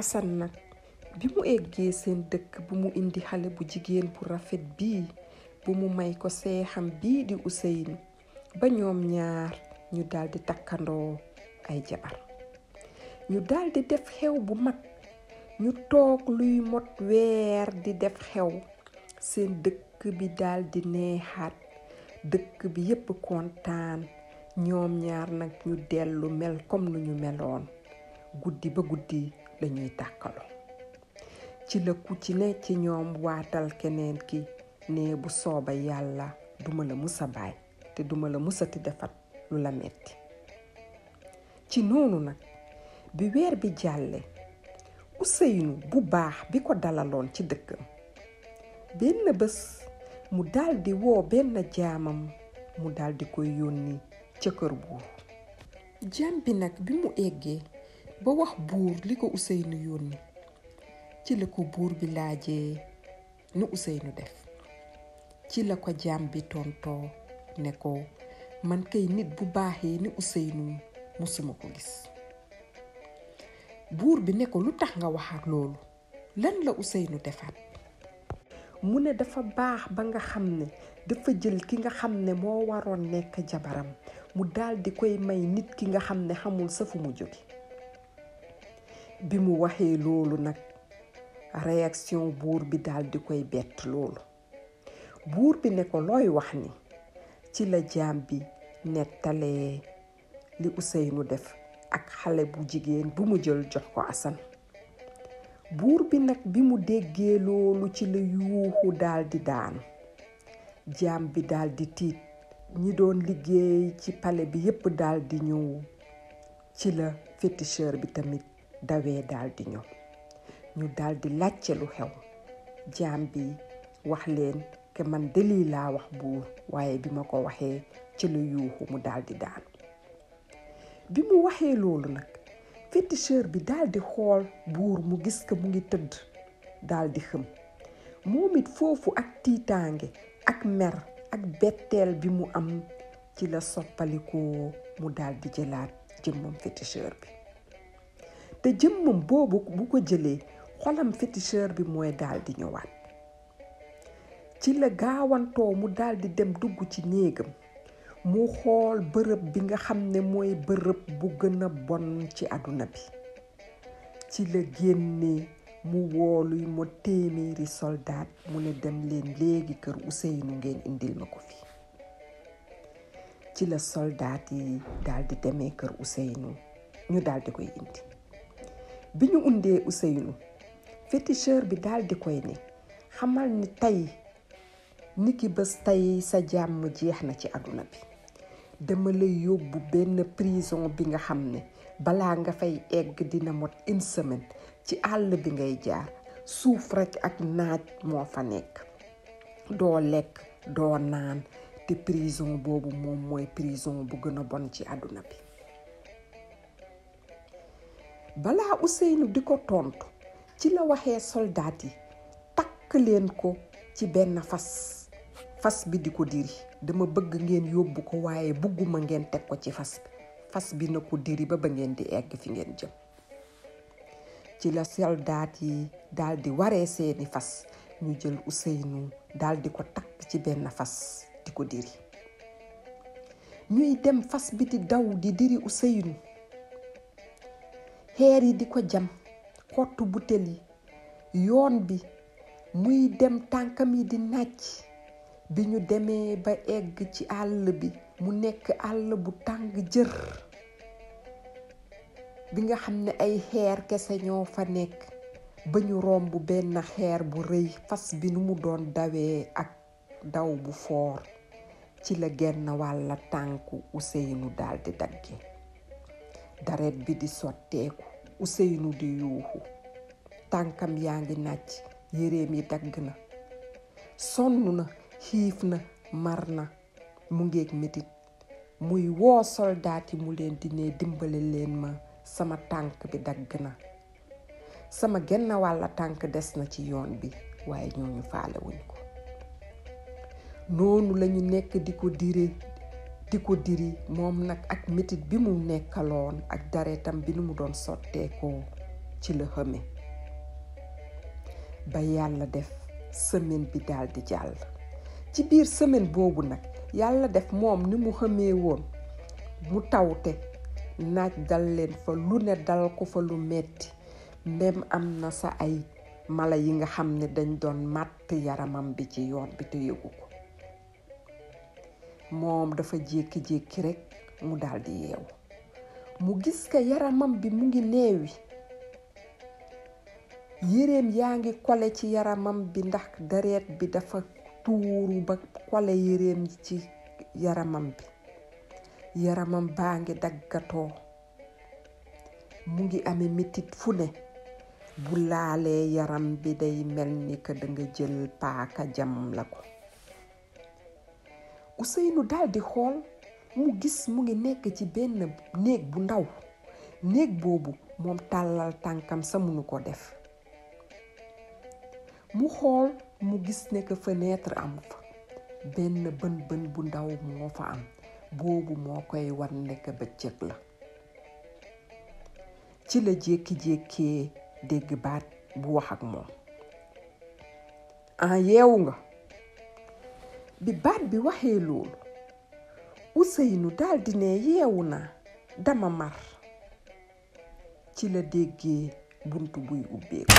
Assane nag bi mu eggee seen dëkk bu mu indi xale bu jigéen bu rafet bii bu mu may ko seexam bii di Ousseynou ba ñoom ñaar ñu daldi takkandoo ay jabar ñu daldi def xew bu mag ñu toog luy mot weer di def xew seen dëkk bi daldi neexaat dëkk bi yépp kontaan ñoom ñaar nag ñu dellu mel comme nu ñu meloon guddi ba guddi lañuy tàkkaloo ci la ku ci ne ci ñoom waatal keneen ki ne bu sooba yàlla duma la musa baay te duma la musati defat lu la metti ci noonu nag bi weer bi jàlle Ousseynou bu baax bi ko dalaloon ci dëkkam benn bés mu daldi woo benn jaamam mu daldi koy yónni ca kër buur jaam bi nag bi mu eggee ba wax buur li ko Ousseynou yónni ci la ko buur bi laajee nu Ousseynou def ci la ko jaam bi tontoo ne ko man kay nit bu baaxee ni Ousseynou musuma ko gis buur bi ne ko lu tax nga waxaat loolu lan la Ousseynou defaat mu ne dafa baax ba nga xam ne dafa jël ki nga xam ne moo waroon nekk jabaram mu daal di koy may nit ki nga xam ne xamul sa fu jóge bi mu waxee loolu nag réaction buur bi daldi koy bett loolu buur bi ne ko looy wax ni ci la jaam bi nettalee li Ousseynou def ak xale bu jigéen bu mu jël jox ko Assane buur bi nag bi mu déggee loolu ci la yuuxu daldi di daanu jaam bi daldi tiit ñi doon liggéey ci pale bi yépp daldi di ñëw ci la féticheur bi tamit dawee daldi di ñëw ñu daldi di lu xew jaam bi wax leen ke man laa wax buur waaye bi ma ko waxee ci la yuuxu mu daldi di daanu bi mu waxee loolu nag féticheur bi daldi xool buur mu gis ko mu ngi tëdd daldi xëm moom it foofu ak tiitaange ak mer ak betteel bi mu am ci la soppalikoo mu daldi di jëlaat jëmmam féticheur bi te jëmmam boobu bu ko jëlee xolam féticheur bi mooy daldi di ñëwaat ci la gaawantoo mu daldi dem dugg ci néegam mu xool bërëb bi nga xam ne mooy bërëb bu gën bon ci àdduna bi ci la génnee mu woolu ma téeméeri soldaat mu ne dem leen léegi kër Ousseynou ngeen indil ma ko fi ci la soldaat yi daal di demee kër Ousseynou ñu daldi koy indi bi ñu undee Ousseynou féticheur bi daal di koy ne xamal ni tey ni ki bés tey sa jàmm jeex na ci àdduna bi dama lay yóbbu benn prison bi nga xam ne balaa nga fay egg dina mot une ci àll bi ngay jaar suuf rekk ak naaj moo fa nekk doo lekk doo naan te prison boobu moom mooy prison bu gën a bon ci àdduna bi balaa Ousseynou di ko tontu ci la waxee soldaat yi takk leen ko ci benn fas fas bi di ko diri dama bëgg ngeen yóbbu ko waaye bëgguma ngeen teg ko ci fas bi fas bi na ko diri ba ba ngeen di egg fi ngeen jëm ci la soldaat yi daal di waree seeni fas ñu jël Ousseynou daal di ko takk ci benn fas di ko diri ñuy dem fas bi di daw di diri Ousseynou xeer yi di ko jam xottu butel yi yoon bi muy dem tànkam yi di nàcc bi ñu demee ba egg ci àll bi mu nekk àll bu tàng jër bi nga xam ne ay xeer kese ñoo fa nekk ba ñu romb benn xeer bu rëy fas bi nu mu doon dawee ak daw bu foor ci la genn wàlla tànku Ousseynou daldi dagge daret bi di sotteeku Ousseynou di yuuxu tànkam yaa ngi nàcc yéreem yi dagg na sonn na xiif na mar na mu ngeeg metit muy woo soldaat yi mu leen di ne dimbale leen ma sama tànk bi dagg na sama genn wàlla tànk des na ci yoon bi waaye ñooñu faale wuñ ko noonu lañu nekk di ko dire di ko diri moom nag ak metit bi mu nekkaloon ak daretam bi nu mu doon sotteekoo ci la xëme ba yàlla def semaine bi daal di jàll ci biir semaine boobu nag yàlla def moom ni mu xëmee woon mu tawte naaj dal leen fa lu ne dal ko fa lu metti ndem am na sa ay mala yi nga xam ne dañ doon màtt yaramam bi ci yoon bi te yëgu ko moom dafa jékki-jékki rek mu daldi di yeewu mu gis ka yaramam bi mu ngi neewi yéreem yaa ngi kole ci yaramam bi ndax deret bi dafa tuuru ba kole yéreem ci yaramam bi yaramam baa ngi daggatoo mu ngi ame mettit fu ne bu laalee yaram bi day mel ni que da nga jël paaka jam la ko Ousseynou daal daldi xool mu gis mu ngi nekk ci benn néeg bu ndaw néeg boobu moom tàllal tànkam sa munu ko def mu xool mu gis ne que fenêtre am fa benn bën bën bu ndaw moo fa am boobu moo koy war nekk bëccëg la ci la jékki-jékkee dégg baat bu wax ak moom en ah, yeewu nga bi baat bi waxee loolu Ousseynou daldi ne yeewu naa dama mar ci la déggee bunt buy ubbeeku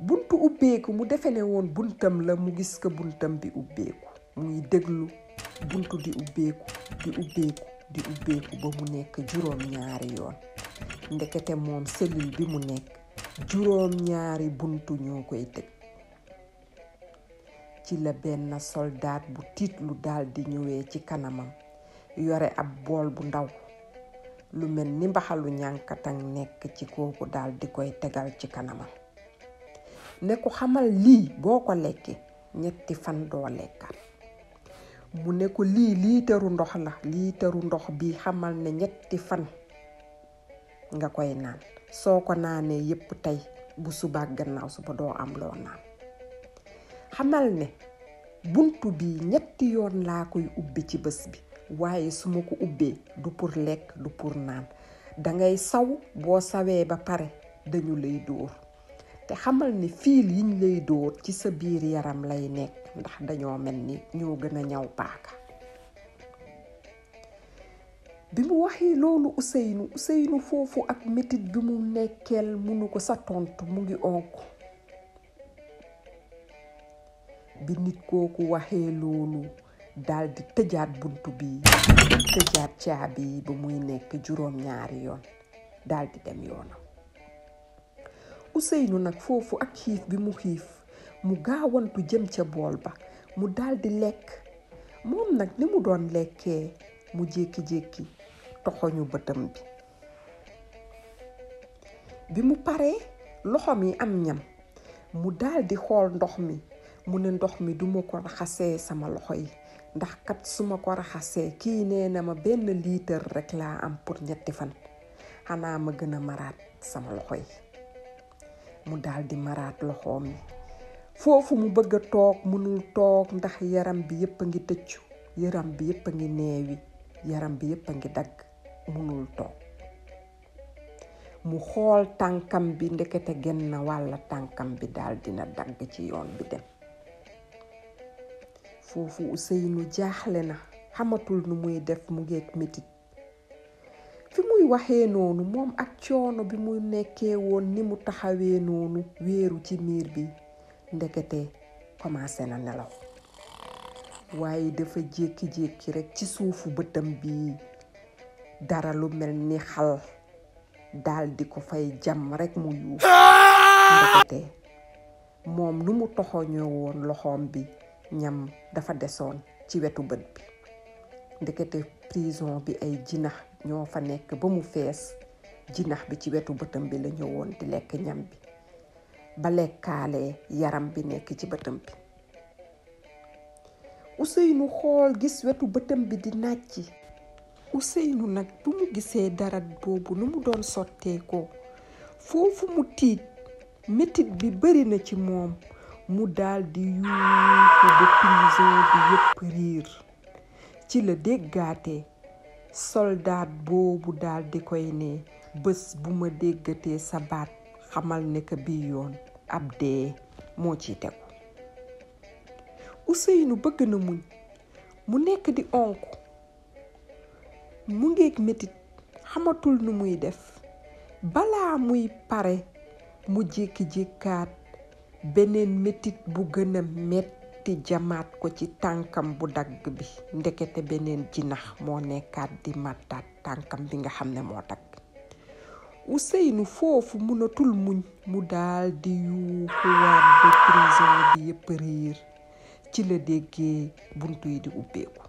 buntu ubbeeku mu defe ne woon buntam la mu gis ko buntam bi ubbeeku muy déglu buntu di ubbeeku di ubbeeku ba mu nekk juróom ñaari yoon ndekete moom cellule bi mu nekk juróom ñaari bunt ñoo koy tëj la benn soldaat bu tiit lu daldi ñëwee ci kanamam yore ab bool bu ndaw lu mel ni mbaxalu ñànkatang nekk ci kooku daldi koy tegal ci kanamam ne ko xamal lii boo ko lekkee ñetti fan doo lekkat mu ne ko lii liitaru ndox la liitaru ndox bi xamal ne ñetti fan nga koy naan soo ko naanee yépp tey bu subaak gannaaw suba doo am loo naan xamal ne buntu bi ñetti yoon laa koy ubbi ci bës bi waaye su ma ko ubbee du pour lekk du pour naan dangay saw boo sawee ba pare dañu lay dóor te xamal ne fiil yiñ lay dóor ci sa biir yaram lay nekk ndax dañoo mel ni ñoo gën a ñaw paaka bi mu waxee loolu Ousseynou Ousseynou foofu ak métit bi mu nekkeel munu ko sa tontu mu ngi onk bi nit kooku waxee loolu daldi tëjaat bunt bi tëjaat caabi ba muy nekk juróom ñaari yoon daldi di dem yoonam Ousseynou nag foofu ak xiif bi mu xiif mu gaawantu jëm ca bool ba mu daldi lekk moom nag ni mu doon lekkee mu jékki-jékki toxoñu bëtam bi bi mu paree loxo mi am ñam mu daldi xool ndox mi mu ne ndox mi duma ko raxasee sama loxo yi ndax kat suma ko raxasee kii nee na ma benn liitar rek laa am pour ñetti fan xanaa ma gën a sama loxo yi mu daal di marat lohomi. yi foofu mu bëgg a toog ndax yaram bi yëpp a ngi yaram bi yëpp a ngi neewi yaram bi yëpp a ngi dagg mënul toog mu xool tànkam bi ndekete genn wàlla tànkam bi daal dina dagg ci yoon bi dem foofu Ousseynou jaaxle na xamatul nu muy def mu ngeeg metit fi muy waxee noonu moom ak coono bi mu nekkee woon ni mu taxawee noonu wéeru ci miir bi ndekete commencé na nelaw waaye dafa jékki-jékki rekk ci suufu bëtam bi dara lu mel ni xal daal di ko fay jam rekk mu yuux ndekete moom nu mu toxoñoo woon loxoom bi ñam dafa desoon ci wetu bët bi ndekete prison bi ay jinax ñoo fa nekk ba mu fees jinax bi ci wetu bëtam bi la ñëwoon di lekk ñam bi ba lekkaale yaram bi nekk ci bëtam bi Ousseynou xool gis wetu bëtam bi di nàcc Ousseynou nag bu mu gisee darat boobu nu mu doon sotteekoo foofu mu tiit metit bi bari na ci moom mu daldi di yuuxu ba yépp riir ci la déggaate soldaat boobu daldi koy ne bés bu ma sabaat xamal ne bi yoon ab dee moo ciy tegu Ousseynou bëgg na muñ mu nekk di onk mu ngeeg metit xamatul nu muy def bala muy pare mu jékki-jékkaat beneen métit bu gëna a metti jamaat ko ci tànkam bu dagg bi ndekete beneen jinax moo nekkaat di màttaat tànkam bi nga xam ne moo dagg Ousseynou foofu mënatul muñ mu daal di yuuxuwaat ba prison bi yëpp réer ci la déggee buntu yi di ubbeeku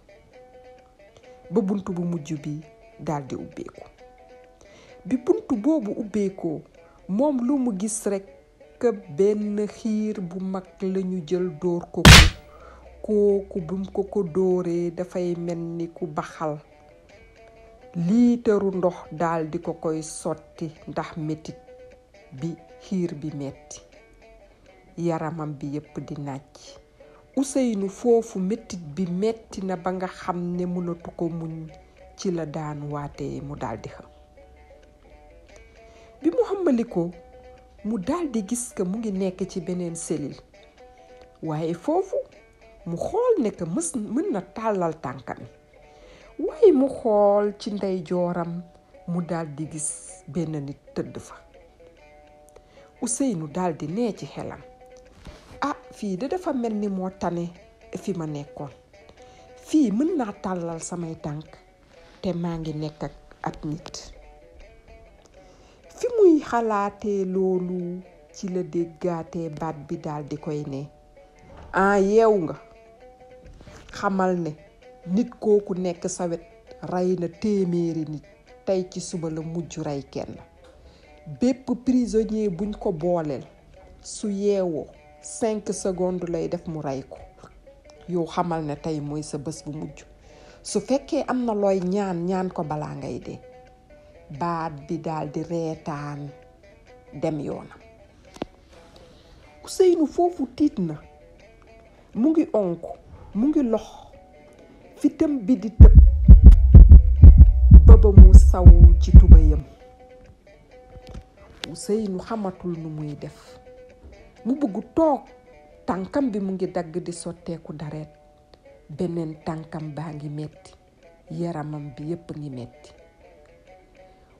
ba buntu bu mujj bi daal ubbeeku bi buntu boobu ubbeekoo moom lu mu gis rekk que benn xiir bu mag lañu jël dóor ko ko kooku bum ko ko dóoree dafay mel ni ku baxal liitaru ndox daldi ko koy sotti ndax metit bi xiir bi metti yaramam bi yépp di nàcc Ousseynou foofu metit bi metti na ba nga xam ne mënatu ko muñ ci la daan waatee mu daldi xam bi mu xamali ko mu daldi gis que mu ngi nekk ci beneen cellule waaye foofu mu xool ne mës mën na tàllal tànkam waaye mu xool ci ndeyjooram mu daldi gis benn nit tëdd fa Ousseynou daal daldi nee ci xelam ah fii de dafa mel ni moo tane fi ma nekkoon fii mën naa tàllal samay tànk te maa ngi nekk ak ab nit muy xalaatee loolu ci la déggaatee baat bi daal di koy ne ah yeew nga xamal ne nit kooku nekk sa wet rey na téeméeri nit tey ci suba la mujj rey kenn bépp prisonnier buñ ko booleel su yeewoo cinq secondes lay def mu rey ko yow xamal ne tey mooy sa bés bu mujj su fekkee am na looy ñaan ñaan ko balaa ngay dee baat bi daal di reetaan dem yoonam Ousseynou foofu tiit na mu ngi onk mu ngi lox fitam bi di tëb ba ba mu saw ci tubayam Ousseynou xamatul nu muy def mu bëgg toog tànkam bi mu ngi dagg di sotteeku dareet beneen tànkam baa ngi metti yaramam bi yépp ngi metti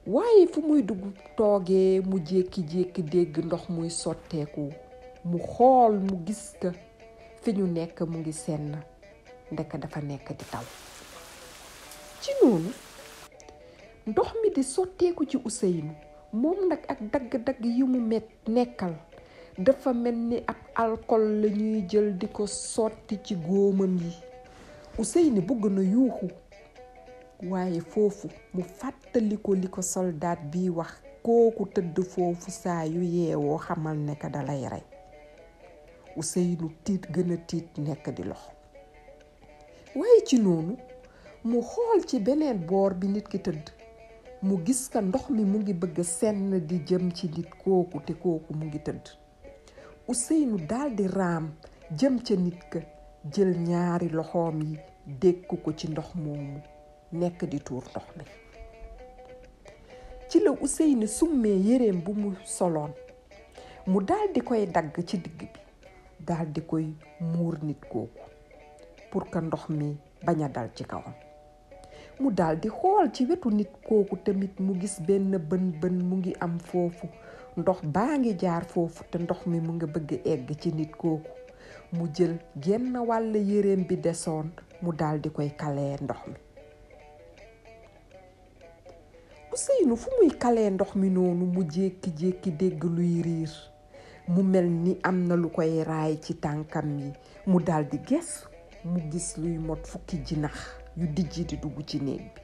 waaye fu muy dugg toogee mu jékki-jékki dégg ndox muy sotteeku mu xool mu gis ka fi ñu nekk mu ngi senn ndek dafa nekk di taw ci noonu ndox mi di sotteeku ci Ousseynou moom nag ak dagg-dagg yi mu nekkal dafa mel ni ab alcool lañuy jël di ko sotti ci góomam yi Ousseynou bëgg na yuuxu waaye foofu mu fàttaliku li ko soldaat bi wax kooku tëdd foofu saa yu yeewoo xamal ne ka dalay rey Ousseynou tiit gën a tiit nekk di lox waaye ci noonu mu xool ci beneen boor bi nit ki tëdd mu gis ka ndox mi mu ngi bëgg senn di jëm ci nit kooku te kooku mu ngi tëdd Ousseynou daldi raam jëm ca nit ka jël ñaari loxoom yi dékk ko ci ndox moomu nekk di tuur ndox mi ci la Ousseynou summee yéreem bu mu soloon mu daldi koy dagg ci digg bi daal koy muur nit kooku pour que ndox mi bañ a dal ci kawam mu daldi xool ci wetu nit kooku tamit mu gis benn bën bën mu ngi am foofu ndox baa ngi jaar foofu te ndox mi mu ngi bëgg egg ci nit kooku mu jël genn wàll yéreem bi desoon mu daldi koy kalee ndox mi Ousseynou fu muy kalee ndox mi noonu mu jékki-jékki dégg luy riir mu mel ni am na lu koy raay ci tànkam yi mu daldi gees mu gis luy mot fukki jinax yu dijji di dugg ci néeg bi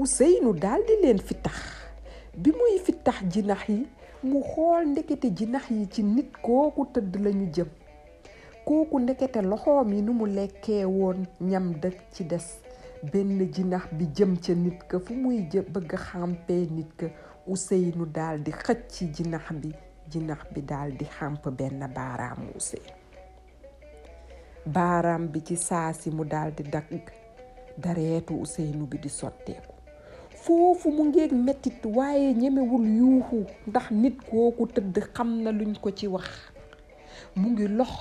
Ousseynou daldi leen fi bi muy fi jinax yi mu xool ndekete jinax yi ci nit kooku tëdd lañu jëm kooku ndekete loxoom yi ni mu lekkee woon ñam dëkk ci des benn jinax bi jëm ca nit ka fu muy jë bëgg xàmpee nit ka Ousseynou daal di xëcc jinax bi jinax bi daal di xàmp benn baaraamu Ousseynou baaraam bi ci saasi mu daal di dagg dareetu Ousseynou bi di sotteeku foofu mu ngeeg mettit waaye ñemewul yuuxu ndax nit kooku tëdd xam na luñ ko ci wax mu ngi lox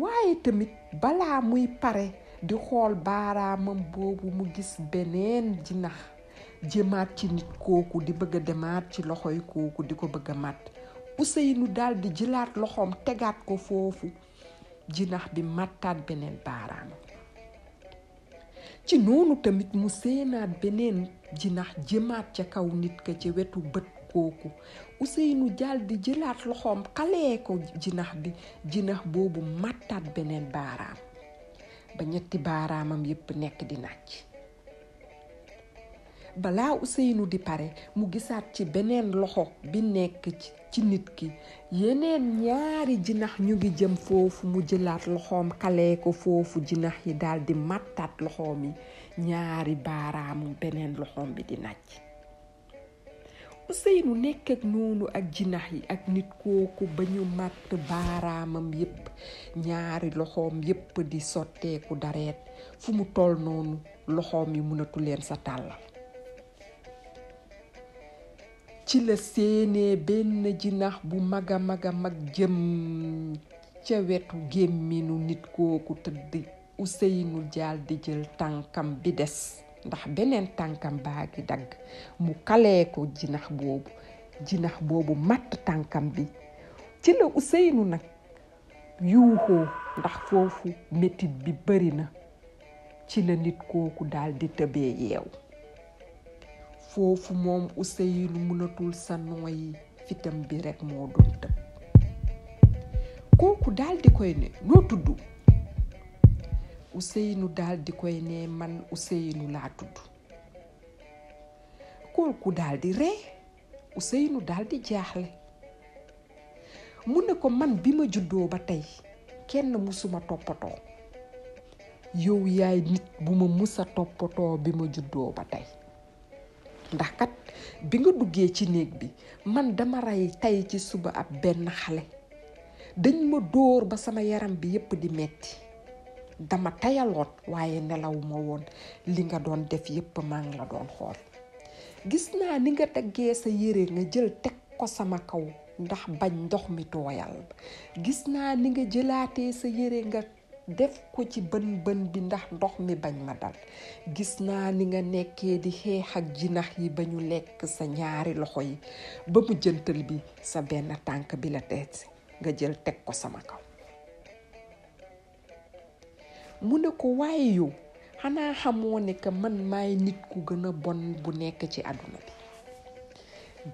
waaye tamit balaa muy pare di xool baaraamam boobu mu gis beneen jinax jëmaat ci nit kooku di bëgga a demaat ci loxoy kooku di ko bëgg a mat Ousseynou daal di jëlaat loxoom tegaat ko foofu jinax bi màttaat beneen baaraamam ci noonu tamit mu séenaat beneen jinax jëmaat ca kaw nit ka ca wetu bët kooku Ousseynou daal di jëlaat loxoom xalee ko jinax bi jinax boobu màttaat beneen baaraam ba ñetti baaraamam yépp nekk di nàcc balaa Ousseynou di pare mu gisaat ci beneen loxo bi nekk ci nit ki yeneen ñaari jinax ñu ngi jëm foofu mu jëlaat loxoom xalee ko foofu jinax yi daldi màttaat loxoom yi ñaari baaraamu beneen loxoom bi di nàcc Ousseynou nekk ak noonu ak jinax yi ak nit kooku ba ñu màtt baaraamam yépp ñaari loxoom yépp di sotteeku dareet fu mu toll noonu loxoom yi mënatu leen sa tàllal ci la séenee benn jinax bu maga maga mag a ca wetu gémminu nit kooku tëdd Ousseynou jaal di jël tànkam bi des ndax beneen tànkam baa ngi dagg mu kalee ko jinax boobu jinax boobu matt tànkam bi ci la Ousseynou nag yuuxoo ndax foofu metit bi bari na ci la nit kooku daal di tëbee yeew foofu moom Ousseynou mënatul sa nooyi fitam bi rekk moo doon tëb kooku daal di koy ne noo tudd Ousseynou daal di koy ne man Ousseynou laa tudd kooku daal di ree Ousseynou daal di jaaxle mu ne ko man bi ma juddoo ba tey kenn musuma toppatoo yow yaay nit bu ma musa toppatoo bi ma juddoo ba tey ndax kat bi nga duggee ci néeg bi man dama rey tey ci suba ab benn xale dañ ma dóor ba sama yaram bi yépp di metti dama tayaloon waaye nelaw ma woon li nga doon def yépp maa ngi la doon xool gis naa ni nga teggee sa yére nga jël teg ko sama kaw ndax bañ ndox mi tooyal gis naa ni nga jëlaatee sa yére nga def ko ci bën bën bi ndax ndox mi bañ ma dal gis naa ni nga nekkee di xeex ak jinax yi ba ñu lekk sa ñaari loxo yi ba mu jëntal bi sa benn tànk bi la teet si nga jël teg ko sama kaw mu ne ko waaye yow xanaa xamoo ne que man maay nit ku gën a bon bu nekk ci àdduna bi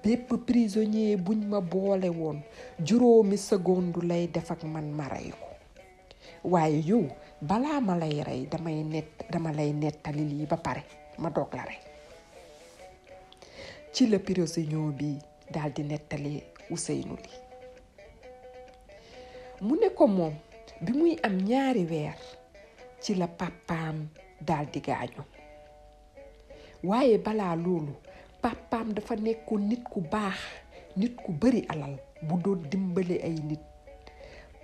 bépp prisonnier buñ ma boole woon juróomi seconde lay def ak man ma rey ko waaye yow balaa ma lay rey damay dama lay nettali lii ba pare ma doog la rey ci la prisonnier bi daldi di nettali Ousseynou mu ne ko moom bi muy am ñaari weer ci la pàppaam daal di gaañu waaye balaa loolu pàppaam dafa nekkoon nit ku baax nit ku bari alal bu doon dimbale ay nit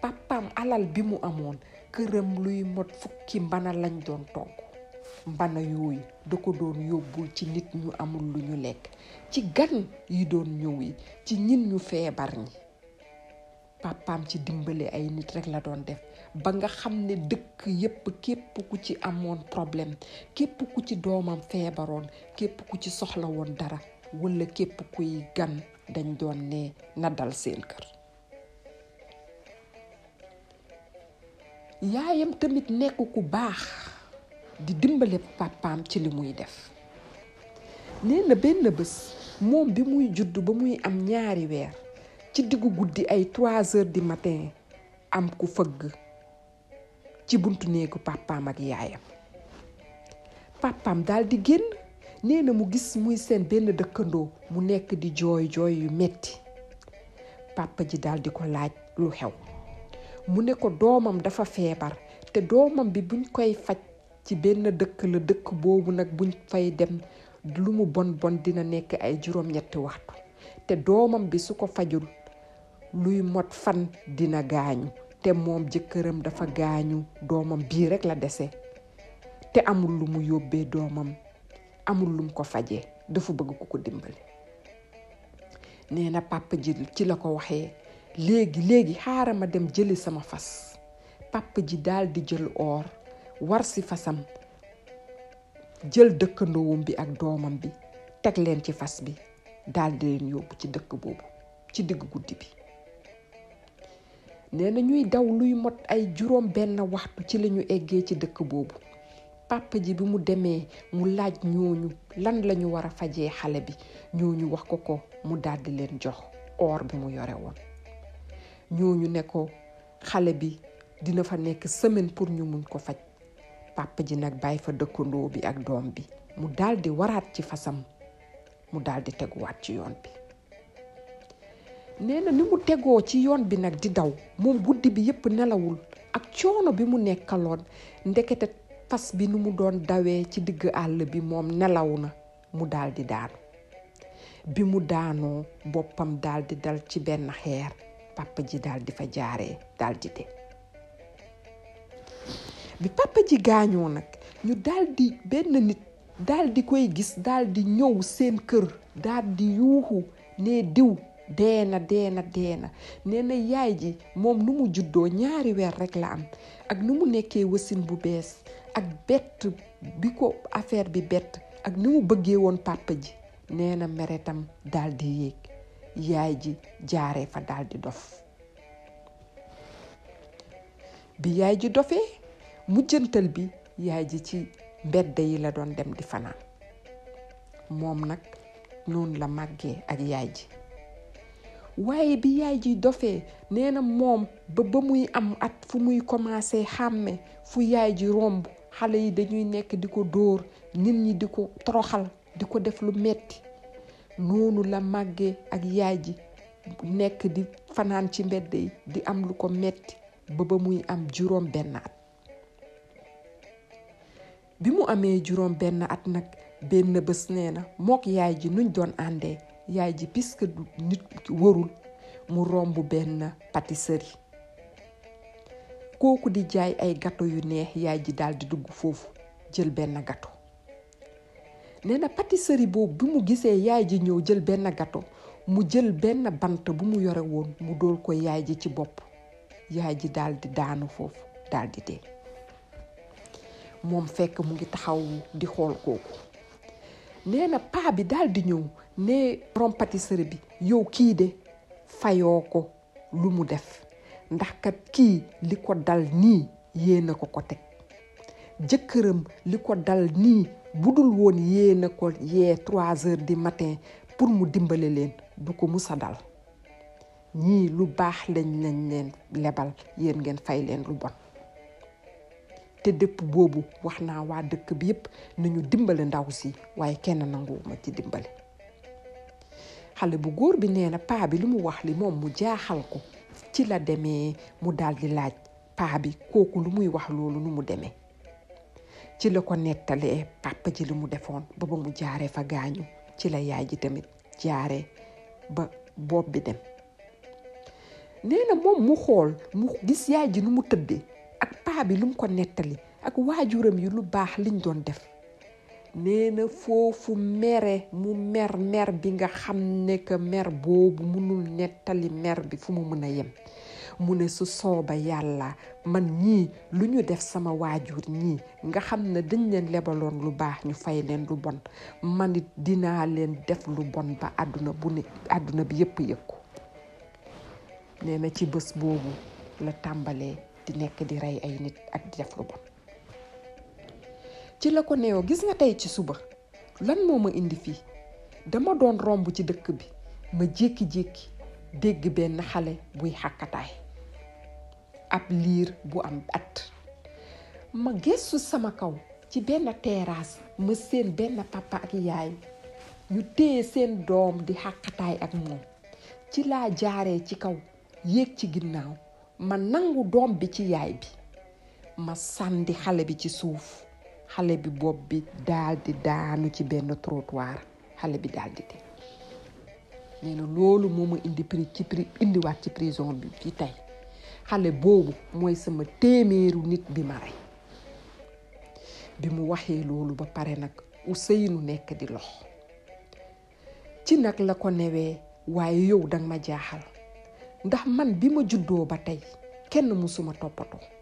pàppaam alal bi mu amoon këram luy mot fukki mbana lañ doon togg mbana yooyu da ko doon yóbbul ci nit ñu amul lu ñu lekk ci gan yi doon ñëw yi ci ñin ñu feebar ñi papaam ci dimbali ay nit rekk la doon def ba nga xam ne dëkk yépp képp ku ci amoon problème képp ku ci doomam feebaroon képp ku ci soxlawoon dara wala képp kuy gan dañ doon ne na dal seen kër yaayam tamit nekk ku baax di dimbale papaam ci li muy def nee na benn bés moom bi muy judd ba muy am ñaari weer ci diggu guddi ay trois heures di matin am ku fëgg ci buntu néegu papaam ak yaayam papaam daal di génn nee mu gis muy seen benn dëkkandoo mu nekk di jooy jooy yu metti papa ji daal di ko laaj lu xew mu ne ko doomam dafa feebar te doomam bi buñ koy faj ci benn dëkk la dëkk boobu nag buñ fay dem lu mu bon bon dina nekk ay juróom-ñetti waxtu te doomam bi su ko fajul luy mot fan dina gaañu te moom jëkkëram dafa gaañu doomam bii rekk la dese te amul lu mu yóbbee doomam amul lum ko faje dafa bëgg ko ko dimbali nee na papa ji ci la ko waxee léegi léegi xaaral ma dem jëli sama fas papa ji daal di jël oor war si fasam jël dëkkandoowum bi ak doomam bi teg leen ci fas bi daal di leen yóbbu ci dëkk boobu ci digg guddi bi nee na ñuy daw luy mot ay juróom benn waxtu ci lañu ñu eggee ci dëkk boobu papa ji bi mu demee mu laaj ñooñu lan lañu ñu war a fajee xale bi ñooñu wax ko ko mu daldi leen jox oor bi mu yore woon ñu ne ko xale bi dina fa nekk semaine pour ñu muñ ko faj papa ji nag bàyyi fa dëkkandoo bi ak doom bi mu daldi waraat ci fasam mu daldi teguwaat ci yoon bi nee na ni mu tegoo ci yoon bi nag di daw moom guddi bi yépp nelawul ak coono bi mu nekkaloon ndekete fas bi nu mu doon dawee ci digg àll bi moom nelaw na mu daldi di bi mu daanoo boppam daldi dal ci benn xeer papa ji daal di fa jaaree daal di bi papa gaañoo nag ñu daal benn nit daldi koy gis daldi ñëw seen kër daal yuuxu ne diw dee na dee na yaay ji moom nu mu juddoo ñaari weer rekk la am ak nu mu nekkee wasin bu bees ak bett bi ko affaire bi bett ak ni mu bëggee woon papa ji neena meretam daal di yéeg yaay ji jaaree fa daal di dof bi yaay ji dofee mujjantal bi yaay ji ci mbedd yi la doon dem di fanaan moom nag noonu la màggee ak yaay ji waaye bi yaay ji dofee nee na moom ba ba muy am at fu muy commencé xàmme fu yaay ji romb xale yi dañuy nekk di ko dóor nit ñi di ko toroxal di ko def lu metti noonu la màggee ak yaay ji nekk di fanaan ci mbedd yi di am lu ko metti ba ba muy am juróom benn at bi mu amee juróom benn at nag benn bés nee na mook yaay ji nuñ doon àndee yaay ji puisque nit wërul mu romb benn pâtisserie kooku di jaay ay gâteau yu neex yaay ji daldi dugg foofu jël benn gato nee na pâtisserie boobu bi mu gisee yaay ji ñëw jël benn gâteau mu jël benn bant bu mu yore woon mu dool ko yaay ji ci bopp yaay ji daldi daanu foofu daal dee moom fekk mu ngi taxaw di xool kooku nee paa bi daldi di ñëw ne borom pâtisserie bi yow kii de fayoo ko lu mu def ndax kat kii li ko dal nii yéena ko ko teg jëkkëram li ko dal nii dul woon na ko yee trois heures du matin pour mu dimbale leen du ko musa dal ñii lu baax lañ lañ leen lebal yéen ngeen fay leen lu bon te dëpp boobu wax naa waa dëkk bi yépp nañu dimbale ndaw si waaye kenn nanguwuma ci dimbale xale bu góor bi nee na paa bi lu mu wax li moom mu jaaxal ko ci la demee mu daldi laaj paa bi kooku lu muy wax loolu nu mu demee ci la ko nettalee papa ji li mu defoon ba mu jaaree fa gaañu ci la yaay ji tamit jaaree ba bopp bi dem nee xool mu gis ji nu mu tëddee ak paa bi lu mu ko nettali ak waajuram yi lu baax liñ doon def nee na foofu mere mu mer mer bi nga xam ne que mer boobu munul nettali mer bi fu ma mën a yem mu ne su sooba yàlla man ñii lu ñu def sama waajur ñii nga xam ne dañ leen lebaloon lu baax ñu fay leen lu bon man dinaa leen def lu bon ba àdduna bu ne àdduna bi yépp yëg ko ci bés boobu la tàmbalee di nekk di rey ay nit ak di def lu bon ci la ko neewoo gis nga tey ci suba lan moo ma indi fii dama doon romb ci dëkk bi ma jékki-jékki dégg benn xale buy xàkkataay ab liir bu am at ma gëstu sama kaw ci benn teraas ma seen benn papa ak yaay yu téye seen doom di xàqataay ak moom ci laa jaaree ci kaw yéeg ci ginnaaw ma nangu doom bi ci yaay bi ma sàndi xale bi ci suuf xale bi bopp bi daal daanu ci benn trottoir xale bi daal di te na loolu moo ma indi pri ci pri indiwaat ci prison bi ci tey xale boobu mooy sama téeméeru nit bi ma rey bi mu waxee loolu ba pare nag u Ousseynou nekk di lox ci nag la ko newee waaye yow danga ma jaaxal ndax man bi ma juddoo ba tey kenn musuma toppatoo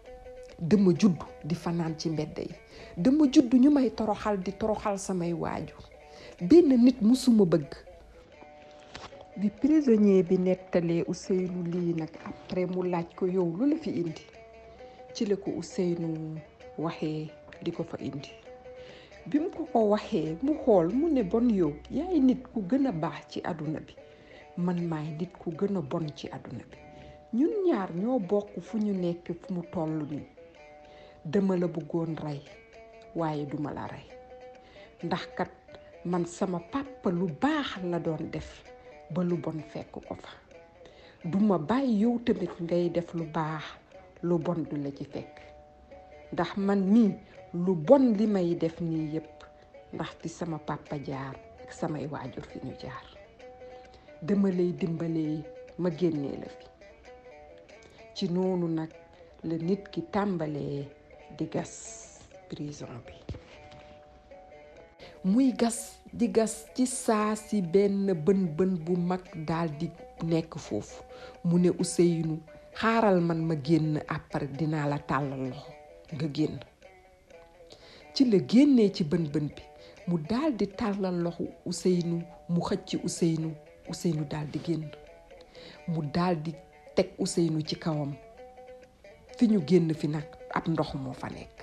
dama judd di fanaan ci mbedd yi dama judd ñu may toroxal di toroxal samay waajur benn nit musuma bëgg bi prisonnier bi nettalee Ousseynou lii nag après mu laaj ko yow lu la fi indi ci la ko Ousseynou waxee di ko fa indi bi mu ko ko waxee mu xool mu ne bon yow yaay nit ku gën a baax ci àdduna bi man maay nit ku gën a bon ci àdduna bi ñun ñaar ñoo bokk fu ñu nekk fu mu toll nii dama la bëggoon rey waaye duma la rey ndax kat man sama papa lu baax la doon def ba lu bon fekk ko fa duma bàyyi yow tamit ngay def lu baax lu bon du la ci fekk ndax man nii lu bon li may def nii yépp ndax fi sama papa jaar ak samay waajur fi ñu jaar dama dimbalee ma génnee la fi ci noonu nag la nit ki tàmbalee di gas prison bi muy gas di gas ci saa si benn bën bën bu mag daldi nekk foofu mu ne Ousseynou xaaral man ma génn après dinaa la tàllal loxo nga génn ci la génnee ci bën bën bi mu daldi di tàllal loxo Ousseynou mu xëcc Ousseynou Ousseynou daldi di génn mu daal teg Ousseynou ci kawam fi ñu génn fi nag ab ndox moo fa nekk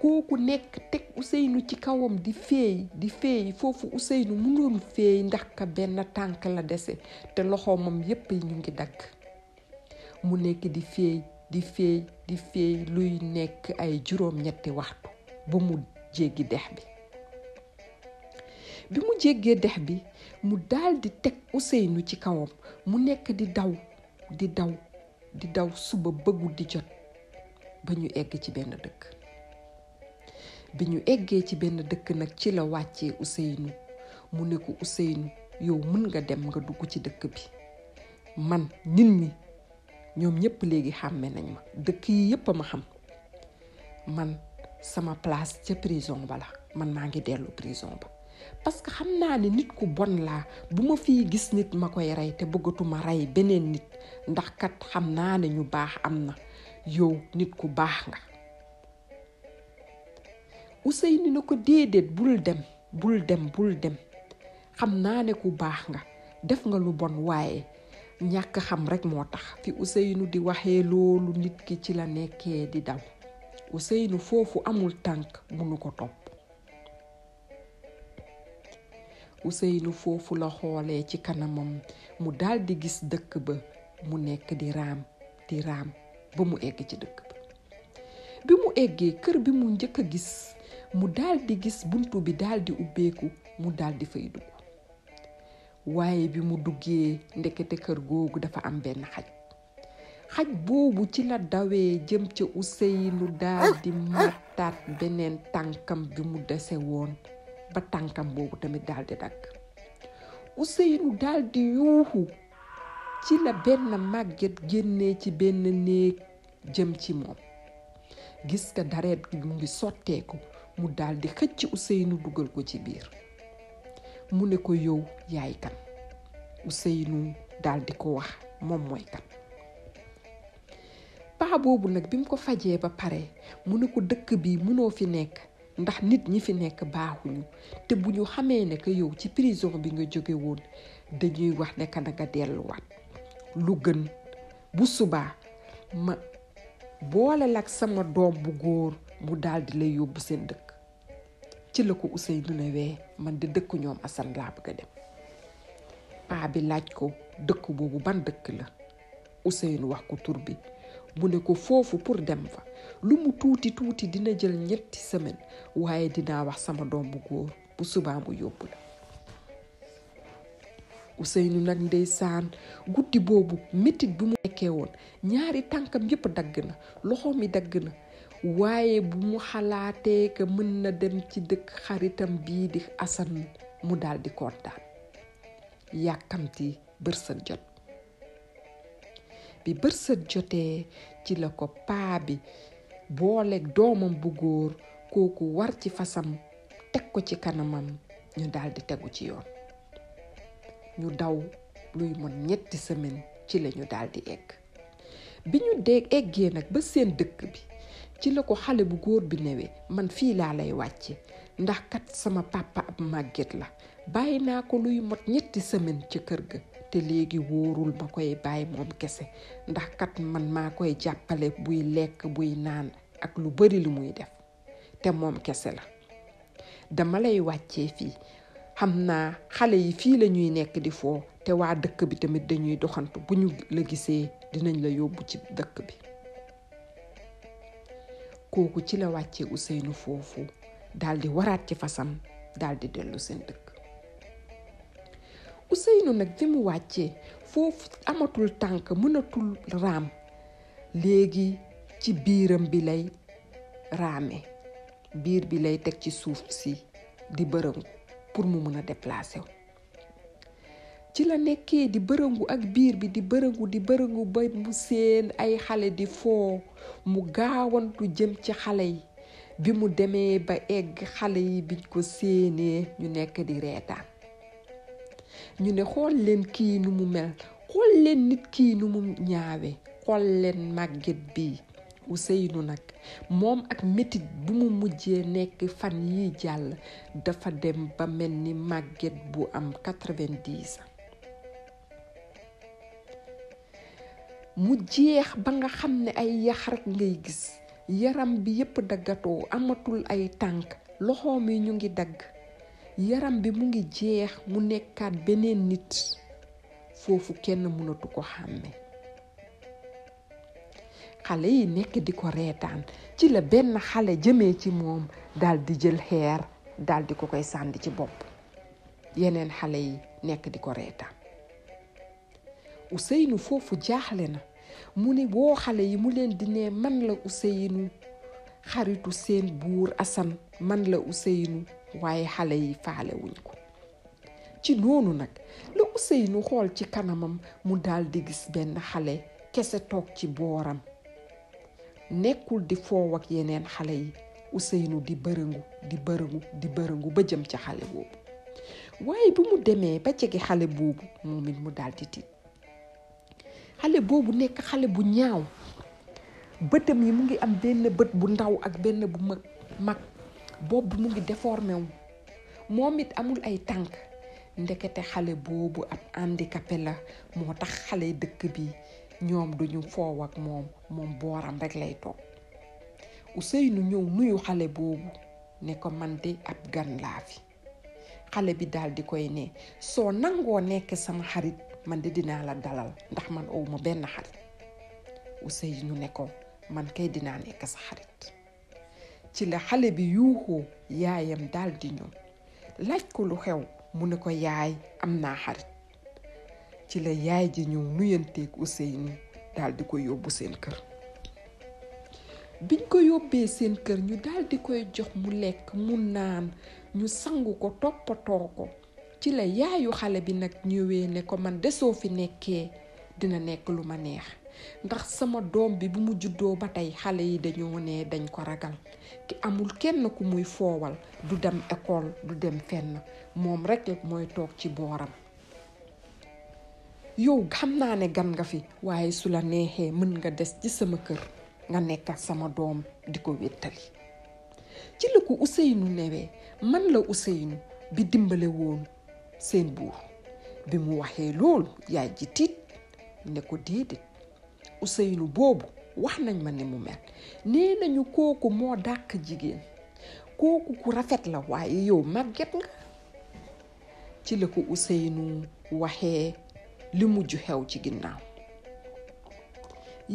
kooku nekk teg Ousseynou ci kawam di feey di feey foofu Ousseynou mënoon feey ndax ka benn tànk la dese te loxoomam yépp ñu ngi dagg mu nekk di feey di feey luy nekk ay juróom-ñetti waxtu ba mu jéggi dex bi mu daldi teg Ousseynou ci kawam mu nekk di daw di daw di daw suba bëggul di jot ba ñu egg ci benn dëkk bi ñu eggee ci benn dëkk nag ci la wàccee Ousseynou mu ne ko Ousseynou yow mën nga dem nga dugg ci dëkk bi man nit ñi ñoom ñëpp léegi xàmme nañ ma dëkk yi yëpp a ma xam man sama place ca prison ba la man maa ngi dellu prison ba parce que xam naa ne nit ku bon laa bu ma fii gis nit ma koy rey te bëggatuma rey beneen nit ndax kat xam naa ne ñu baax am na yow nit ku baax nga Ousseynou na ko déedéet bul dem bul dem bul dem xam naa ne ku baax nga def nga lu bon waaye ñàkk xam rek moo tax fi Ousseynou di waxee loolu nit ki ci la nekkee di dal Ousseynou foofu amul tànk munu ko topp Ousseynou foofu la xoolee ci kanamam mu daldi gis dëkk ba mu nekk di raam di raam ba mu egg ci dëkk bi mu eggee kër bi mu njëkk a gis mu daldi gis buntu bi daldi ubbeeku mu daldi di fay dugg waaye bi mu duggee ndekete kër googu dafa am benn xaj xaj boobu ci la dawee jëm ca Ousseynou daal di mattaat beneen tànkam bi mu dese woon ba tànkam boobu tamit daal di dagg Ousseynou daal di yuuxu ci la benn màgget génnee ci benn néeg jëm ci moom gis ka dareet gi mu ngi sotteeku mu daldi xëcc Ousseynou dugal ko ci biir mu ne ko yow yaay kan Ousseynou daldi ko wax moom mooy kan paa boobu nag bi mu ko fajee ba pare mu ne ko dëkk bi mënoo fi nekk ndax nit ñi fi nekk baaxuñu te bu ñu xamee ne que yow ci prison bi nga jóge dañuy wax ne ka nga delluwaat lu gën bu subaa ma boole lak sama doom bu góor mu daldi lay yóbbu seen dëkk ci la ko Ousseynou ne wee man di dëkk ñoom Assane laa bëgg a dem paa bi laaj ko dëkk boobu ban dëkk la Ousseynou wax ko tur bi mu ne ko foofu pour dem fa lu mu tuuti tuuti dina jël ñetti semaine waaye dinaa wax sama doom bu góor bu subaa mu yóbbu la Ousseynou nag ndeysaan guddi boobu métit bi mu nekkee woon ñaari tànkam yépp dagg na loxo mi dagg na waaye bu mu xalaatee que mën na dem ci dëkk xaritam bii di Assane mu daldi di kontaan yàkkamti bërsët jot bi bërsët jotee ci la ko paa bi booleeg doomam bu góor kooku war ci fasam teg ko ci kanamam ñu daldi tegu ci yoon ñu daw luy mën ñetti semaine ci lañu ñu daal di egg bi ñu dee eggee nag ba seen dëkk bi ci la ko xale bu góor bi newee man fii laa lay wàcce ndax kat sama papa ab màgget la bàyyi naa ko luy mot ñetti semaine ci kër ga te léegi wóorul ma koy bàyyi moom kese ndax kat man maa koy jàppale buy lekk buy naan ak lu bari lu muy def te moom kese la dama lay wàcce fii xam naa xale yi fii lañuy nekk di foo te waa dëkk bi tamit dañuy doxantu bu ñu la gisee dinañ la yóbbu ci dëkk bi kooku ci la wàccee Ousseynou foofu daldi waraat ci fasam daldi dellu seen dëkk Ousseynou nag bi mu wàcce foofu amatul tànk mënatul raam léegi ci biiram bi lay raame biir bi lay teg ci suuf si di bërëngu pour mu mun a déplacé ci la nekkee di bërëngu ak biir bi di bërëngu di bërëngu ba mu seen ay xale di foo mu gaawantu jëm ci xale yi bi mu demee ba egg xale yi biñ ko seenee ñu nekk di reetaan ñu ne xool leen kii nu mu mel xool leen nit kii nu mu ñaawe xool leen màgget bi Ousseynou nag moom ak métit bu mu mujjee nekk fan yi jàll dafa dem ba mel ni màgget bu am quatre vingt jeex ba nga xam ni ay yax rekk ngay gis yaram bi yépp daggatoo amatul ay tànk loxoom yi ñu ngi dagg yaram bi mu ngi jeex mu nekkaat beneen nit foofu kenn mënatu ko xàmme xale yi nekk di ko reetaan ci la benn xale jëme ci moom dal di jël xeer dal di ko koy sànni ci bopp yeneen xale yi nekk di ko reetaan Ousseynou foofu jaaxle na mu ni woo xale yi mu leen di ne man la Ousseynou xaritu seen buur Assane man la Ousseynou waaye xale yi faale wuñ ko ci noonu nag la Ousseynou xool ci kanamam mu daal di gis benn xale kese toog ci booram nekkul di foow ak yeneen xale yi Ousseynou di bërëngu di bërëngu di bërëngu ba jëm ca xale boobu waaye bu mu demee ba jege xale boobu moom it mu daal di tiit nekk xale bu ñaaw bëtam yi mu ngi am benn bët bu ndaw ak benn bu mag mag bopp bi mu ngi déformé moom it amul ay tànk ndekete xale boobu ab handicapé la moo tax xale dëkk bi ñoom duñu foow ak moom moom booram rek lay toog Ousseynou ñëw nuyu xale boobu ne ko man de ab gan laa fi xale bi daldi koy ne soo nangoo nekk sama xarit man de dinaa la dalal ndax man ow ma benn xarit Ousseynou ne ko man kay dinaa nekk sa xarit ci la xale bi yuuxoo yaayam daldi di ñëw laaj ko lu xew mu ne ko yaay am naa xarit ci la yaay ji ñëw nuyanteeg Ousseynou daal di ko yóbbu seen kër biñ ko yóbbee seen kër ñu daldi koy jox mu lekk mu naan ñu sangu ko toppatoo ko ci la yaayu xale bi nag ñëwee ne ko man desoo fi nekkee dina nekk lu ma neex ndax sama doom bi bu mu juddoo ba tey xale yi dañoo ne dañ ko ragal ki amul kenn ku muy foowal du dem école du dem fenn moom rekk mooy toog ci booram yow xam naa ne gan nga fi waaye su la neexee mën nga des ci sama kër nga nekk ak sama doom di ko wéttali ci la ko Ousseynou man la Ousseynou bi dimbale seen buur bi mu waxee loolu yaay ji tiit ne boobu wax nañ ma ne mu mel nee nañu kooku moo dàq jigéen kooku ku rafet la waaye yow màgget nga ci la ko Ousseynou waxee li mujj xew ci ginnaaw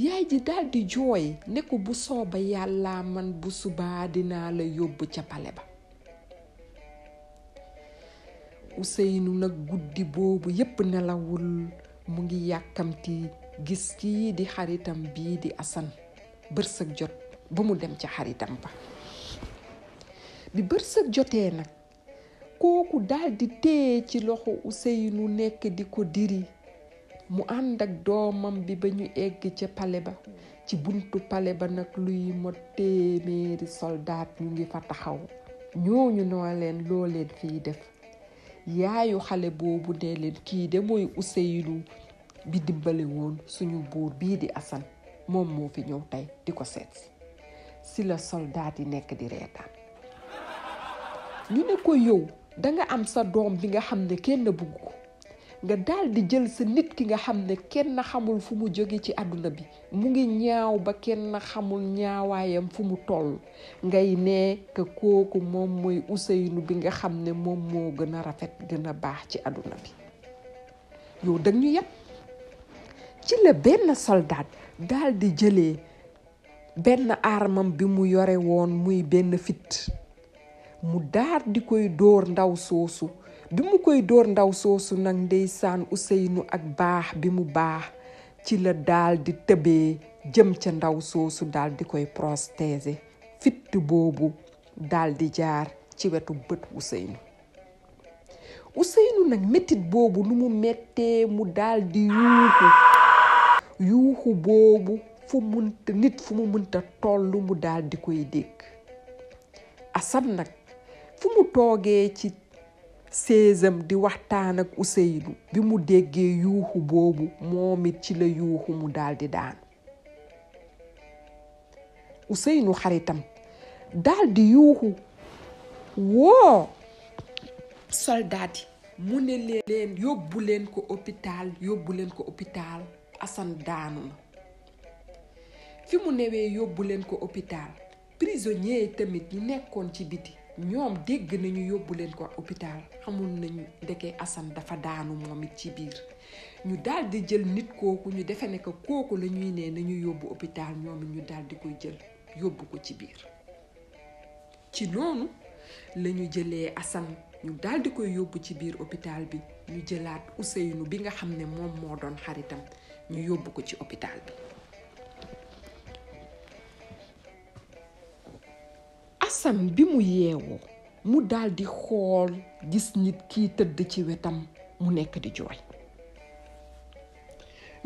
yaay ji daldi jooy ne ko bu sooba yàlla man bu subaa dinaa la yóbbu ca pale ba Ousseynou nag guddi boobu yépp nelawul mu ngi yàkkamti gis kii di xaritam bii di Assane bërsëg jot ba mu dem ca xaritam ba bi bërsëg jotee nag kooku daldi téye ci loxo Ousseynou nekk di ko diri mu ànd ak doomam bi ba ñu egg ca pale ba ci buntu pale ba nag luy mot téeméeri soldaat ñu ngi fa taxaw ñooñu noo leen loo leen fiy def yaayu xale boobu ne leen kii de mooy Ousseynou bi dimbale woon suñu buur bii di Assane moom moo fi ñëw tey di ko seetsi si la soldaat yi nekk di reetaan ñu ne ko yow danga am sa doom bi nga xam ne kenn bugg nga daldi jël sa nit ki nga xam ne kenn xamul fu mu jóge ci àdduna bi mu ngi ñaaw ba kenn xamul ñaawaayam fu mu toll ngay ne que kooku moom mooy Ousseynou bi nga xam ne moom moo gën a rafet gën a baax ci àdduna bi yow dag ñu yàpp ci la benn soldat daal di benn armam bi mu yore woon muy benn fit mu daldi koy dóor ndaw soosu bi mu koy dóor ndaw soosu nag ndeysaan Ousseynou ak baax bi mu baax ci la daldi di tëbee jëm ca ndaw soosu daldi koy prothèse fitt boobu daal jaar ci wetu bët Ousseynou Ousseynou nag métit boobu lu mu mettee mu daal yuuxu yuuxu boobu fu munta nit fu mu munta toll mu daldi koy dégg Assane nag fu mu toogee ci Sezam di war tanak u sedu vi muge yuhu bobu mome txila yuhu mudal di danu. Us seu xaretam. Dal di yuhu wo soldati, mu ne le yo buen kuôpital, yo buen kuôpital a sam Danu. Fi mu newe yo buen ku oppital, Prizonnyeetame di nek kontibiti. ñoom dégg nañu yóbbu leen ko hôpital xamul nañu ndeke Assane dafa daanu moom it ci biir ñu daldi jël nit kooku ñu defe ne que kooku la ñuy ne nañu yóbbu hôpital ñoom it ñu daldi di koy jël yóbbu ko ci biir ci noonu lañu ñu jëlee Assane ñu daldi koy yóbbu ci biir hôpital bi ñu jëlaat Ousseynou bi nga xam ne moom moo doon xaritam ñu yóbbu ko ci hôpital bi asam bi mu yeewoo mu daldi xool gis nit kiy tëdd ci wetam mu nekk di jooy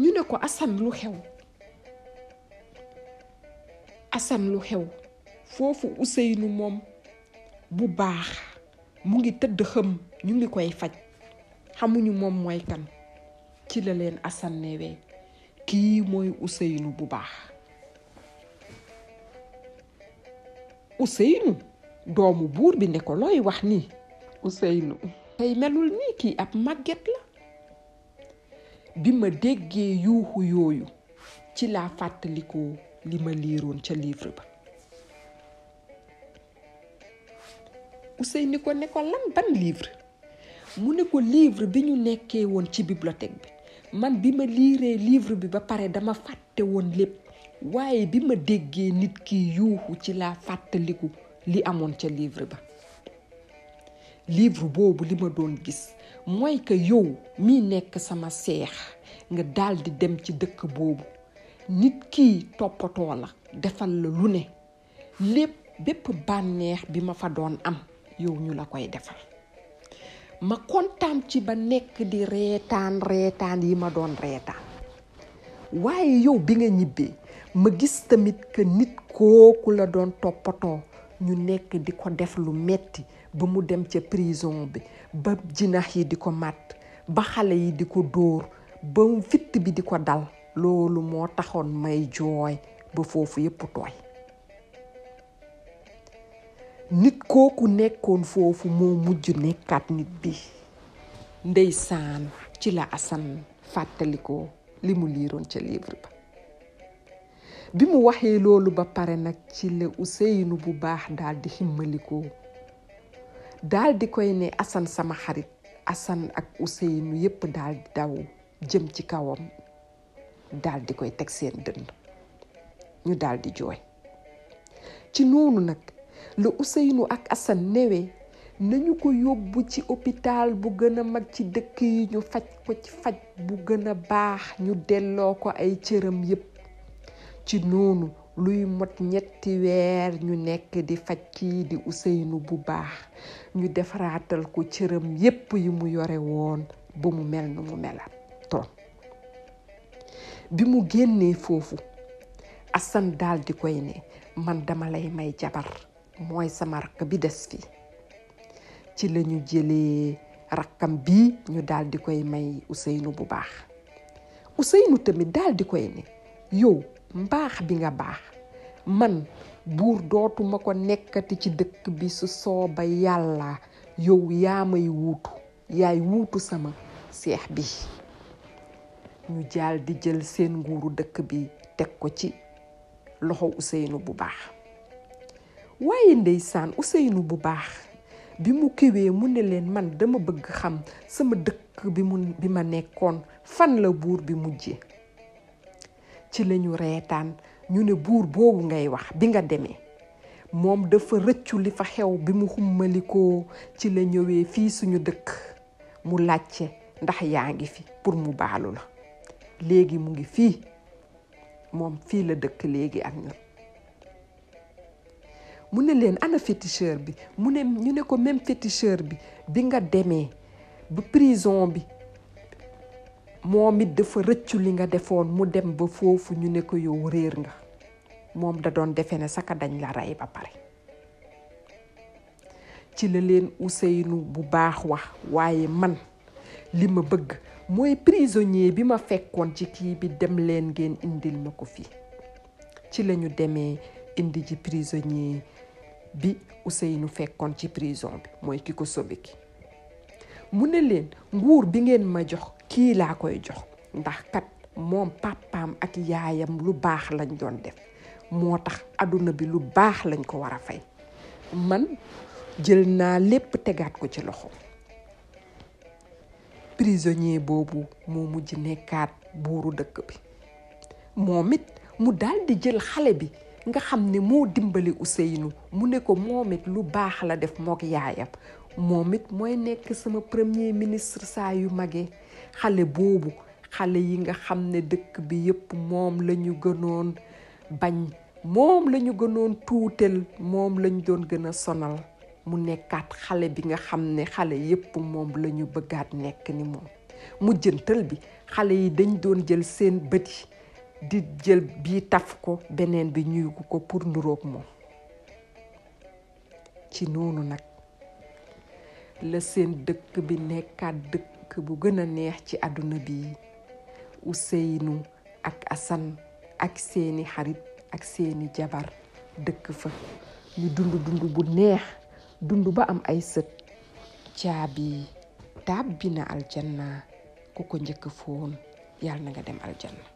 ñu ne ko asan lu xew asan lu xew foofu Ousseynou moom bu baax mu ngi tëdd xëm ñu ngi koy faj xamuñu moom mooy kan ci la leen asan newee kii mooy Ousseynou bu baax Ousseynou doomu buur bi ne ko looy wax nii Ousseynou tey melul nii ab màgget la bi déggee yuuxu yooyu ci laa fàttalikoo li ma ca livre ba Ousseynou ko ne ko lan ban livre mu ne ko livre bi ñu nekkee woon ci bibliothèque bi man bi ma liiree livre bi ba pare dama fàtte woon lépp waaye bi ma déggee nit ki yuuxu ci laa fàttaliku li amoon ca livre ba livre boobu li ma doon gis mooy que yow mi nekk sama seex nga daldi dem ci dëkk boobu nit ki toppatoo la defal la lu ne lépp bépp bànneex bi ma fa doon am yow ñu la koy defal ma kontaan ci ba nekk di reetaan reetaan yi ma doon reetaan waaye yow bi nga ñibbee ma gis tamit que nit kooku la doon toppatoo ñu nekk di ko def lu metti ba mu dem ca prison bi ba jinax yi di ko màtt ba xale yi di ko dóor ba fitt bi di ko dal loolu moo taxoon may jooy ba foofu yépp tooy nit kooku nekkoon foofu moo mujj nekkaat nit bi ndeysaan ci la Assane fàttalikoo li mu liiroon ca livre ba bi mu waxee loolu ba pare nag ci la Ousseynou bu baax daldi di ximmalikoo daal koy ne Assane sama xarit Assane ak Ousseynou yépp daldi di daw jëm ci kawam daldi koy teg seen dënn ñu daldi di jooy ci noonu nag la useynu ak Assane newee nañu ko yóbbu ci hôpital bu gëna mag ci dëkk yi ñu faj ko ci faj bu gën a baax ñu delloo ko ay cëram yépp ci noonu luy mot ñetti weer ñu nekk di faj kii di Ousseynou bu baax ñu defaraatal ko cëram yépp yi mu yore woon ba mu mel nu mu melat toon bi mu génnee foofu Assane daldi koy ne man dama lay may jabar mooy sama rakk bi des fii ci lañu jële rakkam bii ñu daldi koy may useynu bu baax Ousseynou tamit daal di koy ne yow mbaax bi nga baax man buur dootuma ko nekkati ci dëkk bi su sooba yàlla yow yaa may wuutu yaay wuutu sama seex bi ñu jaal di jël seen nguuru dëkk bi teg ko ci loxo Ousseynou bu baax waaye ndeysaan Ousseynou bu baax bi mu kiwee mu ne leen man dama bëgg xam sama dëkk bi mu bi ma nekkoon fan la buur bi mujje ci lañu ñu reetaan ñu ne buur boobu ngay wax bi nga demee moom dafa rëccu li fa xew bi mu xummalikoo ci la ñëwee fii suñu dëkk mu lacce ndax yaa ngi fi pour mu baalu la léegi mu ngi fii moom fii la dëkk léegi ak ñun mu ne leen ana féticheur bi mu ne ñu ne ko même féticheur bi bi nga demee ba prison bi moom it dafa rëccu li nga defoon mu dem ba foofu ñu ne ko yow réer nga moom da doon defe ne saka dañ la rey ba pare ci la leen Ousseynou bu baax wax waaye man li ma bëgg mooy prisonnier bi ma fekkoon ci kii bi dem leen ngeen indil ma ko fii ci lañu demee indi ji prisonnier bi Ousseynou fekkoon ci prison bi mooy ki ko sobe ki mu ne leen nguur bi ngeen ma jox kii laa koy jox ndax kat moom papaam ak yaayam lu baax lañ doon def moo tax àdduna bi lu baax lañ ko war a fay man jël naa lépp tegaat ko ci loxo prisonnier boobu moo mujj nekkaat buuru dëkk bi moom it mu daldi jël xale bi nga xam ne moo dimbali Ousseynou mu ne ko moom it lu baax la def mook yaayam moom it mooy nekk sama premier ministre saa yu magee xale boobu xale yi nga xam ne dëkk bi yépp moom la gënoon bañ moom la gënoon tuutel moom lañ doon gëna sonal mu nekkaat xale bi nga xam ne xale yépp moom lañu bëggaat nekk ni moom mujjantal bi xale yi dañ doon jël seen bët di jël bi taf ko beneen bi ñuy ko pour nuroog moom ci noonu nag la seen dëkk bi nekkaat dëkk bu gën a neex ci àdduna bi Ousseynou ak Assane ak seeni xarit ak seeni jabar dëkk fa ñu dund dund bu neex dund ba am ay sët caabi taab bi na aljanna ku ko njëkk foon yàlla na nga dem aljanna